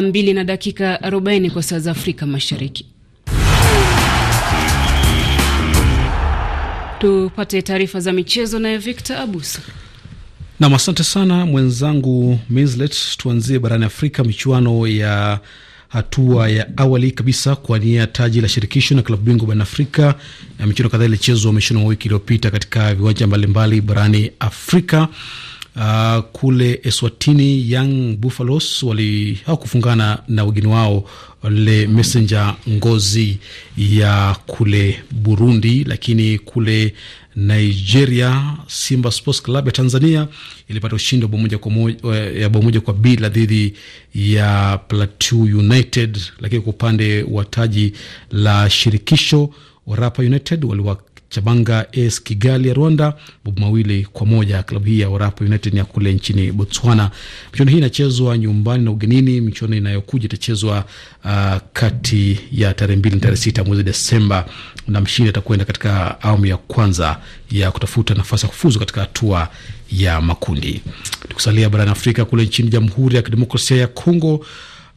mbili na dakika 40 kwa saa za Afrika Mashariki. Tupate taarifa za michezo naye Victor Abusa. Nam, asante sana mwenzangu Minslet. Tuanzie barani Afrika, michuano ya hatua ya awali kabisa kwa nia taji la shirikisho na klabu bingwa barani Afrika na michuano kadhaa ilichezwa mwishoni mwa wiki iliyopita katika viwanja mbalimbali barani Afrika. Uh, kule Eswatini Young Buffaloes wali hawakufungana na wageni wao Le Messenger Ngozi ya kule Burundi, lakini kule Nigeria Simba Sports Club ya Tanzania ilipata ushindi wa bao moja kwa moja, eh, bao moja kwa bila dhidi ya Plateau United, lakini kwa upande wa taji la shirikisho rapa United waliwa Chabanga AS Kigali ya Rwanda bob mawili kwa moja. Klabu hii ya Orapa United ya kule nchini Botswana. Michuano hii inachezwa nyumbani na ugenini. Michuano inayokuja itachezwa uh, kati ya tarehe mbili na tarehe sita mwezi Desemba, na mshindi atakwenda katika awamu ya kwanza ya kutafuta nafasi ya kufuzu katika hatua ya makundi. Tukusalia barani Afrika, kule nchini Jamhuri ya Kidemokrasia ya Kongo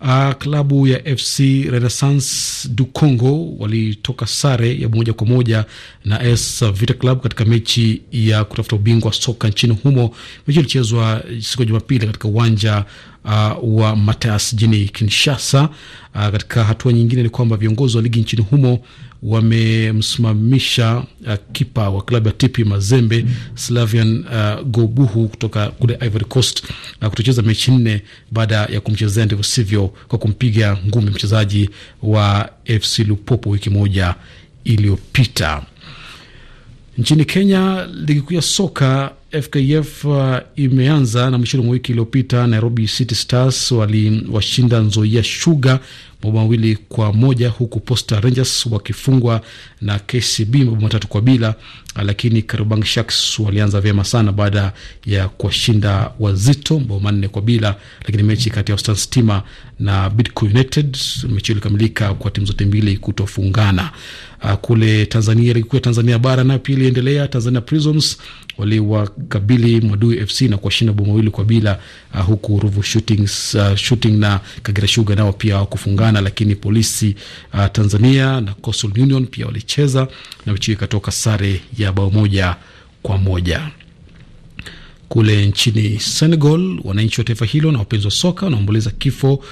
Uh, klabu ya FC Renaissance du Congo walitoka sare ya moja kwa moja na AS Vita Club katika mechi ya kutafuta ubingwa soka nchini humo. Mechi ilichezwa siku ya Jumapili katika uwanja uh, wa Matas jini Kinshasa. Uh, katika hatua nyingine ni kwamba viongozi wa ligi nchini humo wamemsimamisha uh, kipa wa klabu ya TP Mazembe Slavian uh, Gobuhu kutoka kule Ivory Coast na uh, kutocheza mechi nne baada ya kumchezea ndivyo sivyo kwa kumpiga ngumi mchezaji wa FC Lupopo wiki moja iliyopita. Nchini Kenya, ligi kuu ya soka FKF uh, imeanza na mwishoni mwa wiki iliyopita Nairobi City Stars waliwashinda Nzoia Sugar mabao mawili kwa moja huku Posta Rangers wakifungwa na KCB mabao matatu kwa bila, uh, lakini Kariobangi Sharks walianza vyema sana baada ya kuwashinda Wazito mabao manne kwa bila, lakini mechi kati ya Western Stima na Bidco United mechi ilikamilika kwa timu zote mbili kutofungana uh, kule Tanzania, ligi kuu ya Tanzania bara nayo pia iliendelea. Tanzania Prisons waliwakabili Mwadui FC na kuwashinda bao mawili kwa bila, uh, huku Ruvu Shooting, uh, ah, Shooting na Kagera Sugar nao pia hawakufungana, lakini Polisi uh, Tanzania na Coastal Union pia walicheza na mechi ikatoka sare ya bao moja kwa moja. Kule nchini Senegal, wananchi wa taifa hilo na wapenzi wa soka wanaomboleza kifo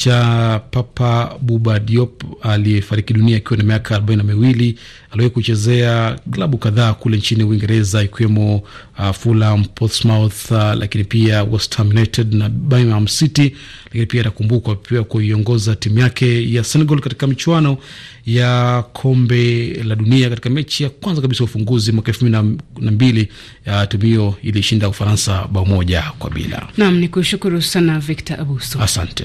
cha Papa Buba Diop aliyefariki dunia akiwa na miaka arobaini na miwili. Aliwahi kuchezea klabu kadhaa kule nchini Uingereza ikiwemo uh, Fulham, Portsmouth, uh, lakini pia West Ham United na Birmingham City, lakini pia atakumbukwa pia kuiongoza timu yake ya Senegal katika michuano ya kombe la dunia katika mechi ya kwanza kabisa ufunguzi mwaka elfu mbili na mbili. ya uh, timu hiyo ilishinda Ufaransa bao moja kwa bila. Naam, ni kushukuru sana Victor Abuso, asante.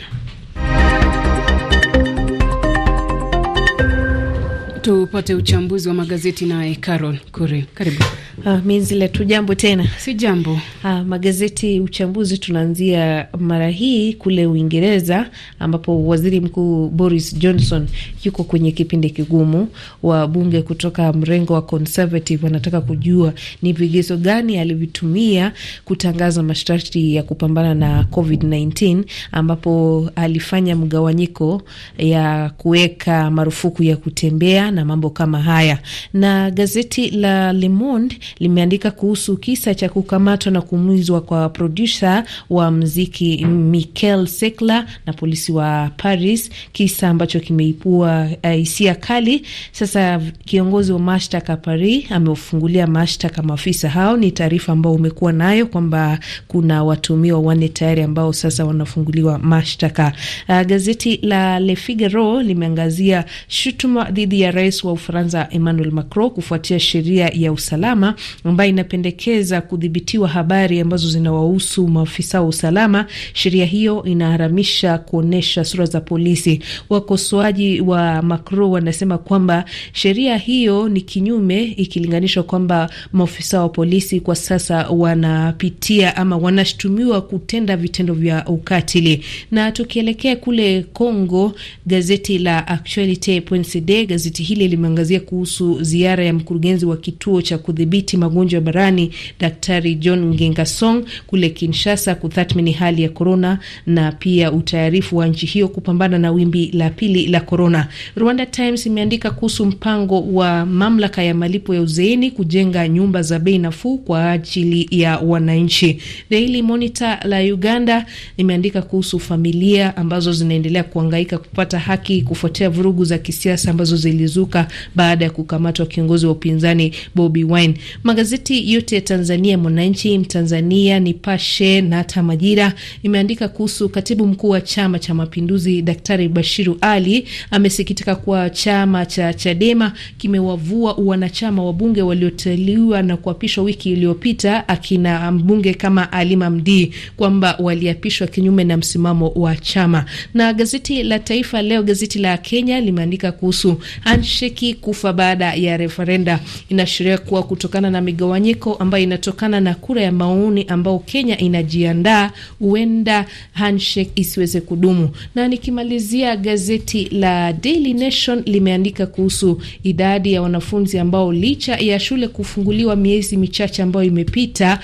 tupate uchambuzi wa magazeti naye Carol Kure, karibu. Ah, minzile tu jambo tena, si jambo. Ah, magazeti uchambuzi, tunaanzia mara hii kule Uingereza ambapo waziri mkuu Boris Johnson yuko kwenye kipindi kigumu. Wabunge kutoka mrengo wa Conservative wanataka kujua ni vigezo gani alivitumia kutangaza masharti ya kupambana na COVID-19, ambapo alifanya mgawanyiko ya kuweka marufuku ya kutembea na mambo kama haya, na gazeti la Le Monde limeandika kuhusu kisa cha kukamatwa na kuumizwa kwa produsa wa mziki Mikel Sekla na polisi wa Paris, kisa ambacho kimeipua eh, hisia uh, kali. Sasa kiongozi wa mashtaka Paris ameufungulia mashtaka maafisa hao. Ni taarifa ambao umekuwa nayo kwamba kuna watumiwa wanne tayari ambao sasa wanafunguliwa mashtaka. Uh, gazeti la Le Figaro limeangazia shutuma dhidi ya rais wa Ufaransa Emmanuel Macron kufuatia sheria ya usalama ambayo inapendekeza kudhibitiwa habari ambazo zinawahusu maafisa wa usalama. Sheria hiyo inaharamisha kuonyesha sura za polisi. Wakosoaji wa Macron wanasema kwamba sheria hiyo ni kinyume ikilinganishwa kwamba maafisa wa polisi kwa sasa wanapitia ama wanashutumiwa kutenda vitendo vya ukatili. Na tukielekea kule Congo, gazeti la Actualite.cd, gazeti hili limeangazia kuhusu ziara ya mkurugenzi wa kituo cha kudhibiti kudhibiti magonjwa barani Daktari John Ngengasong kule Kinshasa kutathmini hali ya korona na pia utayarifu wa nchi hiyo kupambana na wimbi la pili la korona. Rwanda Times imeandika kuhusu mpango wa mamlaka ya malipo ya uzeeni kujenga nyumba za bei nafuu kwa ajili ya wananchi. Daily Monitor la Uganda imeandika kuhusu familia ambazo zinaendelea kuangaika kupata haki kufuatia vurugu za kisiasa ambazo zilizuka baada ya kukamatwa kiongozi wa upinzani Bobi Wine. Magazeti yote ya Tanzania, Mwananchi, Mtanzania, Nipashe na hata Majira, imeandika kuhusu katibu mkuu wa Chama cha Mapinduzi Daktari Bashiru Ali amesikitika kuwa chama cha Chadema kimewavua wanachama wabunge walioteuliwa na kuapishwa wiki iliyopita, akina mbunge kama Alima Mdii, kwamba waliapishwa kinyume na msimamo wa chama. Na gazeti la Taifa Leo, gazeti la Kenya, limeandika kuhusu handshake kufa baada ya referenda. Inaashiria kuwa kutokana na migawanyiko ambayo inatokana na kura ya maoni ambao Kenya inajiandaa, huenda handshake isiweze kudumu. Na nikimalizia, gazeti la Daily Nation limeandika kuhusu idadi ya wanafunzi ambao licha ya shule kufunguliwa miezi michache ambayo imepita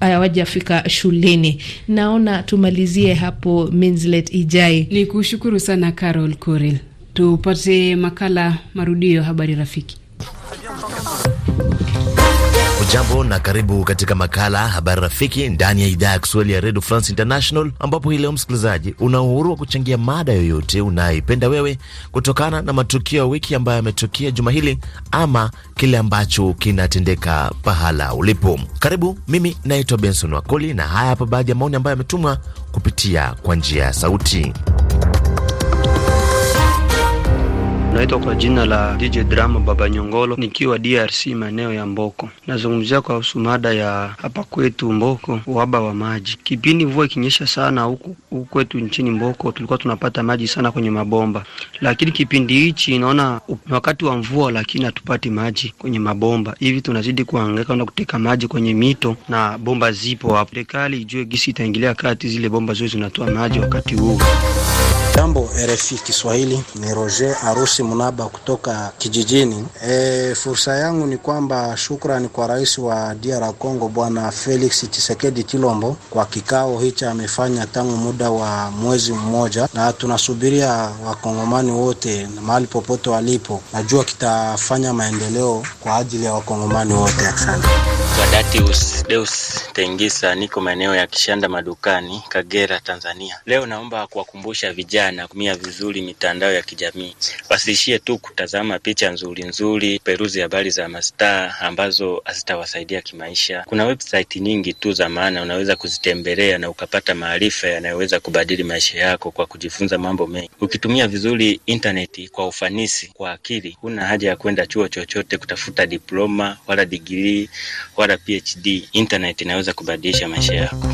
hawajafika shuleni. Naona tumalizie hapo. Minslet Ijai, ni kushukuru sana Carol Koril. Tupate makala marudio, habari rafiki. Hujambo na karibu katika makala Habari Rafiki ndani ya idhaa ya Kiswahili ya Redio France International, ambapo hii leo msikilizaji, una uhuru wa kuchangia mada yoyote unayoipenda wewe kutokana na matukio ya wiki ambayo yametokea juma hili ama kile ambacho kinatendeka pahala ulipo. Karibu, mimi naitwa Benson Wakoli na haya hapa baadhi ya maoni ambayo yametumwa kupitia kwa njia ya sauti. Naitwa kwa jina la DJ Drama Baba Nyongolo, nikiwa DRC maeneo ya Mboko. Nazungumzia kwa husu mada ya hapa kwetu Mboko, uhaba wa maji. Kipindi mvua ikinyesha sana huku kwetu nchini Mboko, tulikuwa tunapata maji sana kwenye mabomba, lakini kipindi hichi naona wakati wa mvua, lakini hatupati maji kwenye mabomba. Hivi tunazidi kuhangaika na kuteka maji kwenye mito na bomba zipo hapo. Serikali ijue gisi itaingilia kati zile bomba zote zinatoa maji wakati huu. Jambo RFI Kiswahili, ni Roger Arusi Munaba kutoka kijijini. E, fursa yangu ni kwamba shukrani kwa rais wa DR Congo Bwana Felix Tshisekedi Chilombo kwa kikao hicho amefanya tangu muda wa mwezi mmoja, na tunasubiria wakongomani wote mahali popote walipo, najua kitafanya maendeleo kwa ajili ya wakongomani wote. Asante. Deus, Deus Tengisa, niko maeneo ya Kishanda madukani, Kagera, Tanzania. Leo naomba kuwakumbusha vijana pia anatumia vizuri mitandao ya kijamii. Wasiishie tu kutazama picha nzuri nzuri, peruzi habari za mastaa ambazo hazitawasaidia kimaisha. Kuna website nyingi tu za maana unaweza kuzitembelea na ukapata maarifa yanayoweza kubadili maisha yako kwa kujifunza mambo mengi. Ukitumia vizuri intaneti kwa ufanisi, kwa akili, huna haja ya kwenda chuo chochote kutafuta diploma wala digrii wala PhD. Internet inaweza kubadilisha maisha yako.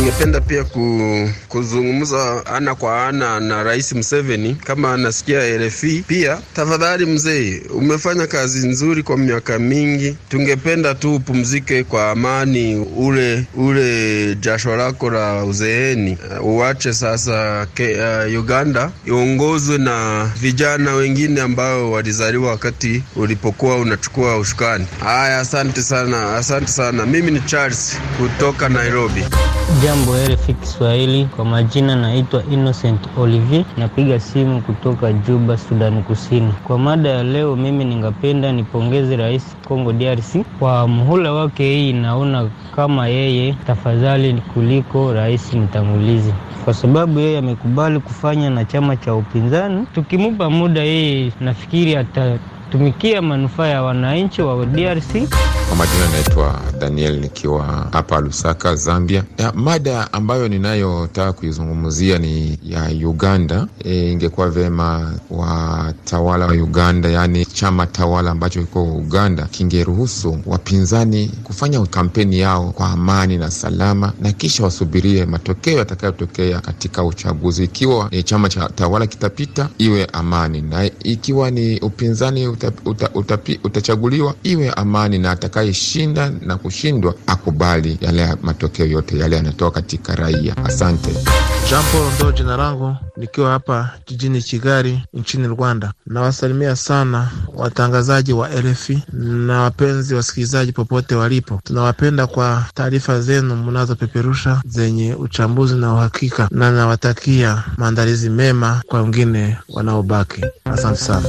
Ningependa pia ku, kuzungumza ana kwa ana sana na Rais Museveni kama anasikia RFI. Pia tafadhali, mzee, umefanya kazi nzuri kwa miaka mingi, tungependa tu upumzike kwa amani, ule ule jasho lako la uzeeni uh, uwache sasa. Ke, uh, Uganda iongozwe na vijana wengine ambao walizaliwa wakati ulipokuwa unachukua ushukani. Haya, asante sana, asante sana. Mimi ni Charles kutoka Nairobi. Jambo RFI Kiswahili, kwa majina naitwa Innocent Olivier, napiga simu kutoka Juba, Sudani Kusini. Kwa mada ya leo, mimi ningapenda nipongeze Rais Kongo DRC kwa muhula wake hii, naona kama yeye tafadhali kuliko rais mtangulizi, kwa sababu yeye amekubali kufanya na chama cha upinzani. Tukimupa muda, yeye nafikiri ata kutumikia manufaa ya wananchi wa DRC. Kwa majina anaitwa Daniel nikiwa hapa Lusaka, Zambia. Ya, mada ambayo ninayotaka kuizungumzia ni ya Uganda. E, ingekuwa vyema watawala wa Uganda, yaani chama tawala ambacho kiko Uganda kingeruhusu wapinzani kufanya kampeni yao kwa amani na salama, na kisha wasubirie matokeo yatakayotokea katika uchaguzi. Ikiwa e, chama cha tawala kitapita, iwe amani, na ikiwa ni upinzani uta, uta, utachaguliwa iwe amani, na atakayeshinda na kushindwa akubali yale matokeo yote yale yanatoka katika raia. Asante. Paul ndo jina langu nikiwa hapa jijini Kigali nchini Rwanda. Nawasalimia sana watangazaji wa RFI na wapenzi wasikilizaji popote walipo. Tunawapenda kwa taarifa zenu mnazopeperusha zenye uchambuzi na uhakika, na nawatakia maandalizi mema kwa wengine wanaobaki. Asante sana.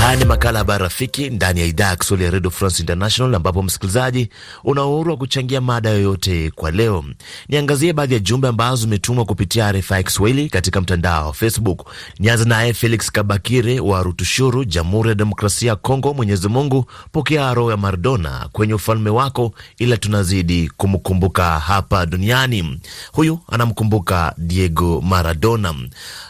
Haya ni makala Habari Rafiki ndani ya idhaa ya Kiswahili ya Radio France International, ambapo msikilizaji una uhuru wa kuchangia mada yoyote. Kwa leo niangazie baadhi ya jumbe ambazo zimetumwa kupitia RFI Kiswahili katika mtandao wa Facebook. Nianze naye Felix Kabakire wa Rutushuru, Jamhuri ya Demokrasia ya Kongo. Mwenyezi Mungu, pokea roho ya Maradona kwenye ufalme wako, ila tunazidi kumkumbuka hapa duniani. Huyu anamkumbuka Diego Maradona.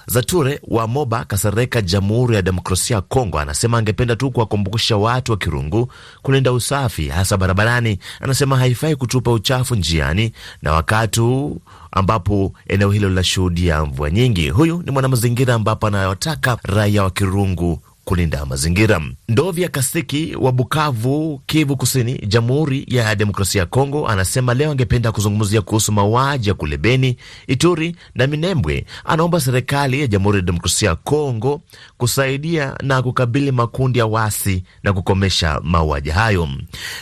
Zature wa Moba Kasareka, Jamhuri ya Demokrasia ya Kongo ana Anasema angependa tu kuwakumbusha watu wa Kirungu kulinda usafi, hasa barabarani. Anasema haifai kutupa uchafu njiani na wakati ambapo eneo hilo linashuhudia mvua nyingi. Huyu ni mwanamazingira ambapo anawataka raia wa Kirungu kulinda mazingira. Ndovya Kasiki wa Bukavu, Kivu Kusini, Jamhuri ya Demokrasia ya Kongo, anasema leo angependa kuzungumzia kuhusu mauaji ya kule Beni, Ituri na Minembwe. Anaomba serikali ya Jamhuri ya Demokrasia ya Kongo kusaidia na kukabili makundi ya wasi na kukomesha mauaji hayo.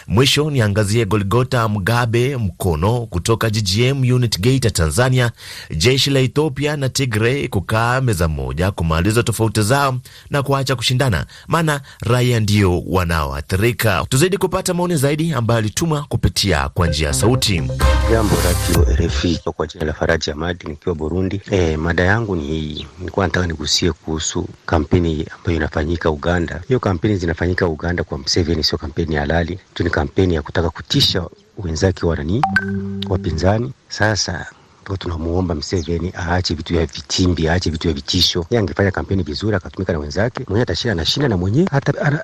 Mwisho niangazie Goligota Mgabe Mkono kutoka GGM Unit Gate ya Tanzania. Jeshi la Ethiopia na Tigray kukaa meza moja kumaliza tofauti zao na kuacha kushindana, maana raia ndio wanaoathirika. Tuzaidi kupata maoni zaidi ambayo alituma kupitia kwa njia ya sauti. Jambo radio RFI, kwa jina la Faraji Amadi nikiwa Burundi. E, mada yangu ni hii, nilikuwa nataka nigusie kuhusu kampeni ambayo inafanyika Uganda. Hiyo kampeni zinafanyika Uganda kwa Mseveni sio kampeni halali tu, ni kampeni ya kutaka kutisha wenzake wanani wapinzani. Sasa ndio tunamuomba Mseveni aache vitu vya vitimbi, aache vitu vya vitisho. Yeye angefanya kampeni vizuri, akatumika na wenzake, mwenyewe atashinda shinda, na mwenyewe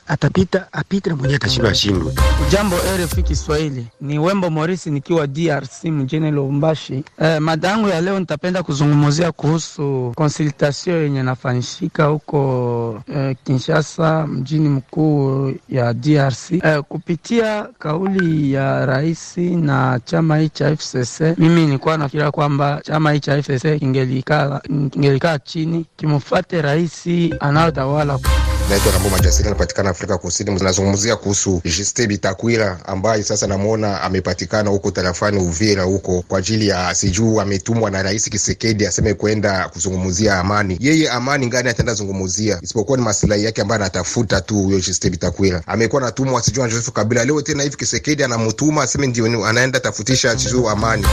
atapita apite, na mwenyewe atashindwa ashindwe. Jambo RFI Kiswahili, ni Wembo Morisi nikiwa DRC mjini Lubumbashi. Eh, mada yangu ya leo nitapenda kuzungumzia kuhusu konsultasio yenye nafanyishika huko eh, Kinshasa, mjini mkuu ya DRC eh, kupitia kauli ya rais na chama hii cha FCC. Mimi nilikuwa nafikiria kwa kwamba chama hii cha kingelikaa kingelikaa chini kimfuate rais anayotawala naitwa Nambo Majasiri, anapatikana Afrika Kusini. Nazungumzia kuhusu Juste Bitakwira ambaye sasa namwona amepatikana huko tarafani Uvira huko kwa ajili ya sijuu, ametumwa na Rais Kisekedi aseme kwenda kuzungumzia amani. Yeye amani ngani ataenda zungumzia, isipokuwa ni masilahi yake ambayo anatafuta tu. Huyo Juste Bitakwira amekuwa anatumwa sijuu na Joseph Kabila, leo tena hivi Kisekedi anamtuma aseme ndio anaenda tafutisha sijuu amani.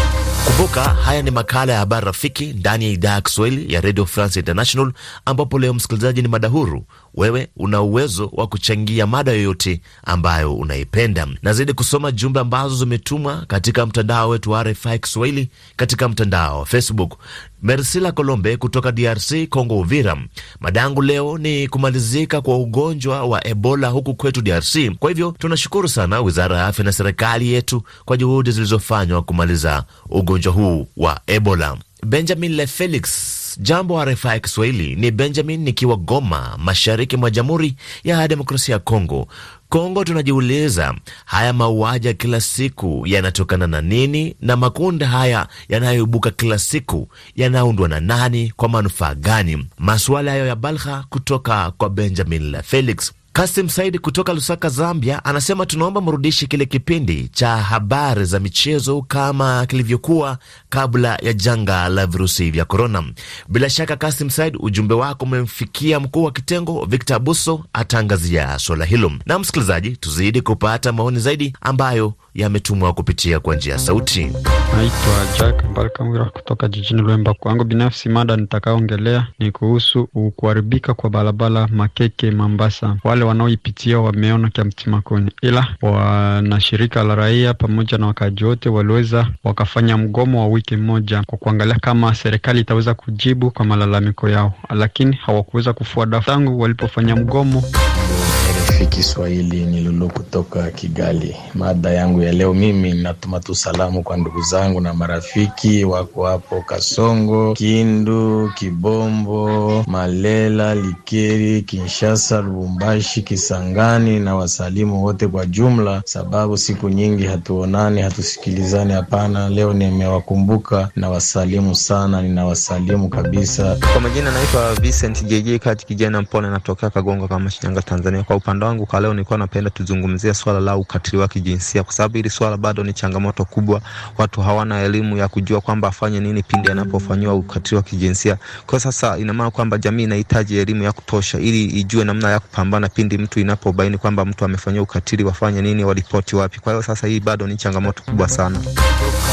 Kumbuka haya ni makala ya habari rafiki ndani ya idhaa ya Kiswahili ya Radio France International, ambapo leo msikilizaji, ni madahuru wewe una uwezo wa kuchangia mada yoyote ambayo unaipenda. Nazidi kusoma jumbe ambazo zimetumwa katika mtandao wetu wa RFI Kiswahili, katika mtandao wa Facebook. Mersila Kolombe kutoka DRC congo Uvira. Madangu leo ni kumalizika kwa ugonjwa wa Ebola huku kwetu DRC. Kwa hivyo tunashukuru sana wizara ya afya na serikali yetu kwa juhudi zilizofanywa kumaliza ugonjwa huu wa Ebola. Benjamin Le Felix Jambo RFI Kiswahili, ni Benjamin nikiwa Goma, mashariki mwa Jamhuri ya Demokrasia ya Kongo. Kongo tunajiuliza haya mauaji kila siku yanatokana na nini, na makundi haya yanayoibuka kila siku yanaundwa na nani, kwa manufaa gani? Masuala hayo ya balha kutoka kwa Benjamin la Felix. Kasim Saidi kutoka Lusaka, Zambia, anasema tunaomba mrudishe kile kipindi cha habari za michezo kama kilivyokuwa kabla ya janga la virusi vya korona. Bila shaka, Kasim Said, ujumbe wako umemfikia mkuu wa kitengo Victor Abuso, ataangazia swala hilo. Na msikilizaji, tuzidi kupata maoni zaidi ambayo yametumwa kupitia kwa njia ya sauti. Naitwa Jack Balkamwira kutoka jijini Lwemba. Kwangu binafsi, mada nitakaongelea ni kuhusu kuharibika kwa barabara Makeke Mambasa. Wale wanaoipitia wameona kya mtimakoni, ila wanashirika la raia pamoja na wakaaji wote waliweza wakafanya mgomo wa wiki moja kwa kuangalia kama serikali itaweza kujibu kwa malalamiko yao, lakini hawakuweza kufua dafu tangu walipofanya mgomo. RFI Kiswahili ni Lulu kutoka Kigali. Mada yangu ya leo, mimi natuma tu salamu kwa ndugu zangu na marafiki wako hapo Kasongo, Kindu, Kibombo, Malela, Likeri, Kinshasa, Lubumbashi, Kisangani na wasalimu wote kwa jumla, sababu siku nyingi hatuonani, hatusikilizani. Hapana, leo nimewakumbuka na wasalimu sana, ninawasalimu kabisa. Kwa majina naitwa Vincent JJ kati kijana mpona, natokea Kagongo kama Shinyanga, Tanzania. Kwa upande langu kwa leo nilikuwa napenda tuzungumzie swala la ukatili wa kijinsia, kwa sababu hili swala bado ni changamoto kubwa. Watu hawana elimu ya kujua kwamba afanye nini pindi anapofanyiwa ukatili wa kijinsia. Kwa sasa, ina maana kwamba jamii inahitaji elimu ya kutosha, ili ijue namna ya kupambana pindi mtu inapobaini kwamba mtu amefanyiwa ukatili, wafanye nini, waripoti wapi? Kwa hiyo sasa, hii bado ni changamoto kubwa sana.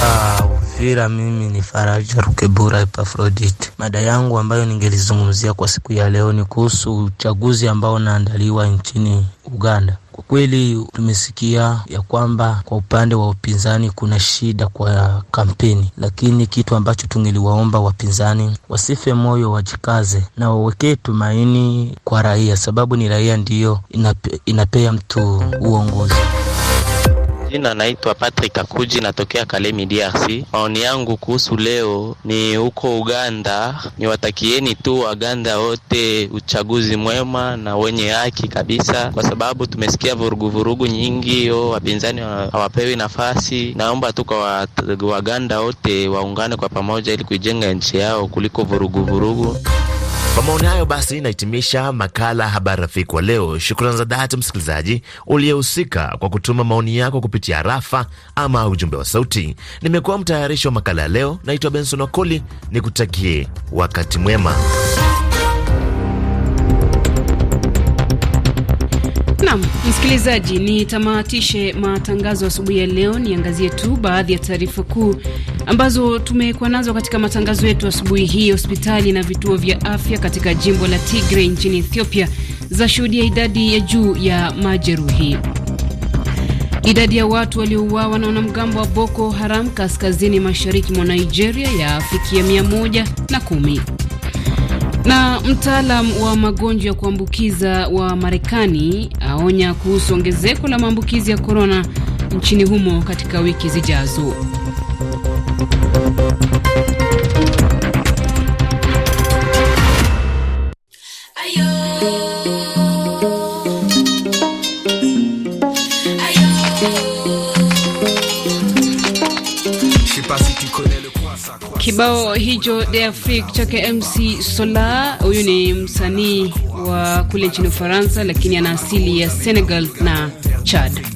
Ah, mpira, mimi ni Faraja Rukebura Epafrodite. Mada yangu ambayo ningelizungumzia kwa siku ya leo ni kuhusu uchaguzi ambao unaandaliwa nchini Uganda. Kwa kweli tumesikia ya kwamba kwa upande wa upinzani kuna shida kwa kampeni, lakini kitu ambacho tungeliwaomba wapinzani wasife moyo, wajikaze na wawekee tumaini kwa raia, sababu ni raia ndiyo inape, inapea mtu uongozi. Jina naitwa Patrick Akuji, natokea Kalemi, DRC. Maoni yangu kuhusu leo ni huko Uganda, niwatakieni tu Waganda wote uchaguzi mwema na wenye haki kabisa, kwa sababu tumesikia vuruguvurugu nyingi yo, wapinzani hawapewi nafasi. Naomba tu kwa Waganda wote waungane kwa pamoja ili kuijenga nchi yao kuliko vuruguvurugu vurugu. Kwa maoni hayo basi, nahitimisha makala Habari Rafiki kwa leo. Shukrani za dhati msikilizaji uliyehusika kwa kutuma maoni yako kupitia rafa ama ujumbe wa sauti. Nimekuwa mtayarishi wa makala ya leo, naitwa Benson Wakoli, nikutakie wakati mwema. Nam msikilizaji, ni tamatishe matangazo asubuhi ya leo, niangazie tu baadhi ya taarifa kuu ambazo tumekuwa nazo katika matangazo yetu asubuhi hii. Hospitali na vituo vya afya katika jimbo la Tigray nchini Ethiopia zashuhudia idadi ya juu ya majeruhi. Idadi ya watu waliouawa na wanamgambo wa Boko Haram kaskazini mashariki mwa Nigeria yafikia mia moja na kumi na mtaalam wa magonjwa ya kuambukiza wa Marekani aonya kuhusu ongezeko la maambukizi ya korona nchini humo katika wiki zijazo. Kibao hicho de Afrique chake MC sola Huyu ni msanii wa kule nchini Ufaransa, lakini ana asili ya Senegal na Chad.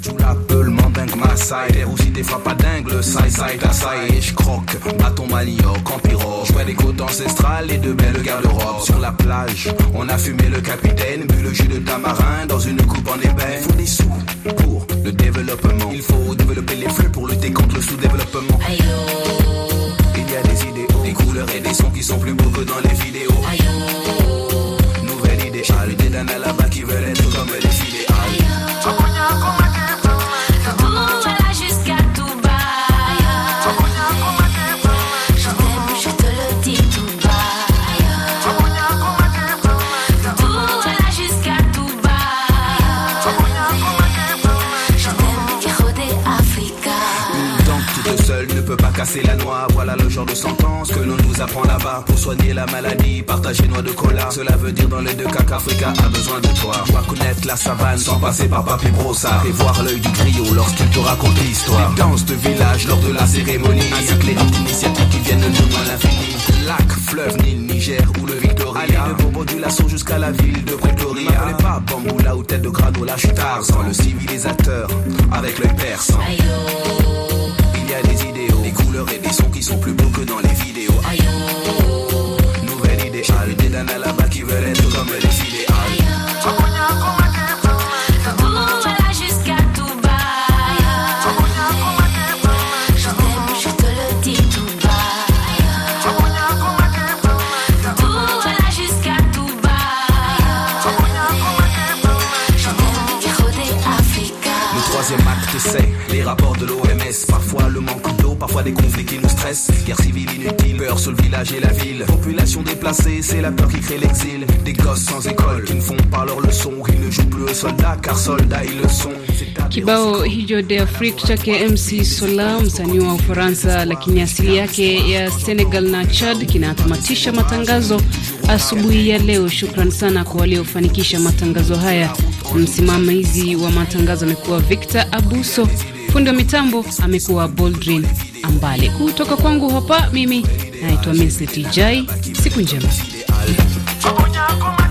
side Et aussi des frappes à dingue le side side à side je croque bâton manioc en pirogue Je des côtes ancestrales et de belles garde-robes Sur la plage on a fumé le capitaine Bu le jus de tamarin dans une coupe en ébène Faut des sous pour le développement Il faut développer les flux pour lutter contre le sous-développement oh. Il y a des idéaux, des couleurs et des sons qui sont plus beaux que dans les vidéos oh. Nouvelle idée, à l'idée d'un peut pas casser la noix. Voilà le genre de sentence que l'on nous apprend là-bas. Pour soigner la maladie, partager noix de cola. Cela veut dire dans les deux cas qu'Africa a besoin de toi. Dois connaître la savane sans passer par papy brossard. Et voir l'œil du griot lorsqu'il te raconte l'histoire. Dans de village lors de la cérémonie. que les initiatives qui viennent de loin l'infini. Lac, fleuve, Nil, Niger ou le Victoria. Allez de Bobo du jusqu'à la ville de Pretoria. Mais pas Bamboula ou tête de Grano, La chute Sans le civilisateur avec l'œil persan y a des idées, des couleurs et des sons qui sont plus beaux que dans les vidéos. Aïe, nouvelle idée, d'un à la base. c'est l'exil des gosses sans école qui ne font pas leur leçon, qui ne jouent plus aux soldats car soldats ils le sont. Kibao hicho de Afrique chake MC Sola, msanii wa Ufaransa lakini asili yake ya Senegal na Chad, kinatamatisha matangazo asubuhi ya leo. Shukran sana kwa waliofanikisha matangazo haya. Msimamizi wa matangazo amekuwa Victor Abuso, fundi wa mitambo amekuwa Boldrin Ambale. Kutoka kwangu hapa, mimi naitwa Meseti Siku njema. come